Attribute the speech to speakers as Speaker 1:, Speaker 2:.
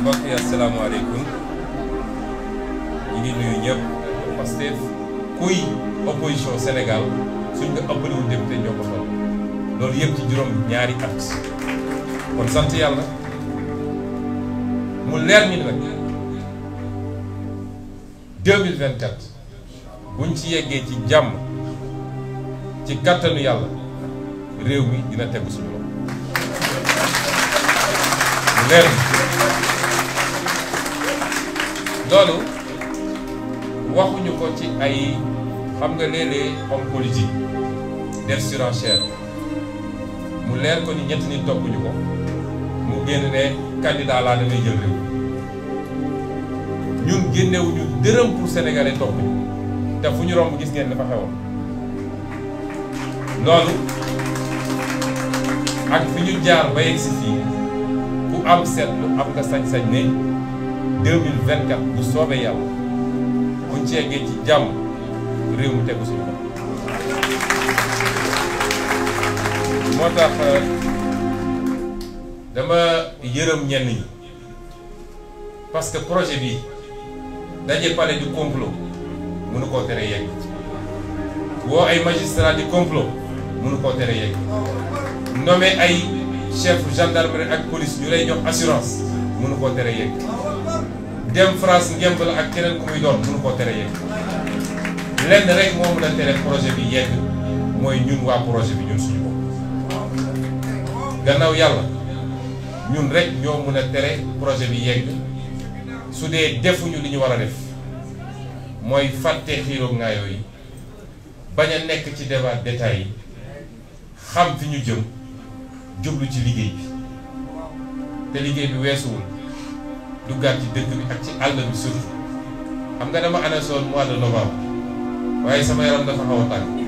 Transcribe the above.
Speaker 1: mbokk yi asalaamaaleykum ñu ngi nuyu ñëpp Pastef kuy opposition Sénégal suñ ko ëppaliwul député ñoo ko fal loolu yëpp ci juróom ñaari at kon sant yàlla mu leer ñu nag 2024 buñ ci yeggee ci jàmm ci kàttanu yàlla réew mi dina tegu suñu loxo leer loolu waxuñu ko ci ay xam nga léeg-léeg homme def surenchère mu leer ko ni ñetti nit toppuñu ko mu génn ne candidat laa damay jël réew ñun génnewuñu dërëm pour sénégalais toppuñu te fu ñu romb gis ngeen dafa xewoon loolu ak fi ñu jaar ba yegg si fii ku am seetlu am nga sañ-sañ ne bu soobee yàlla buñ ci ci jàmm réew mi tegu suñu moo tax euh, dama yërëm ñenn ñi que projet bi daje pale du complot mënu koo tere yegg woo ay magistrat di complot mënu koo tere yegg nommé ay chef gendarmerie ak police ñu lay jox assurance mënu koo tere yegg dem France ngemb la ak keneen ku muy doon mënu koo tere yegg lenn rek moo mën a tere projet bi yegg mooy ñun waa projet bi ñun suñu bopp gannaaw yàlla ñun rek ñoo mën a tere projet bi yegg su dee defuñu li ñu war a def mooy fàtte xiiroo ngaayoo yi bañ a nekk ci débat détail yi xam fi ñu jëm jublu ci liggéey bi te liggéey bi weesuwul duggaat ci dëkk bi ak ci àll bi surtout xam nga dama anasoon mois de novembre waaye sama yaram dafa xaw a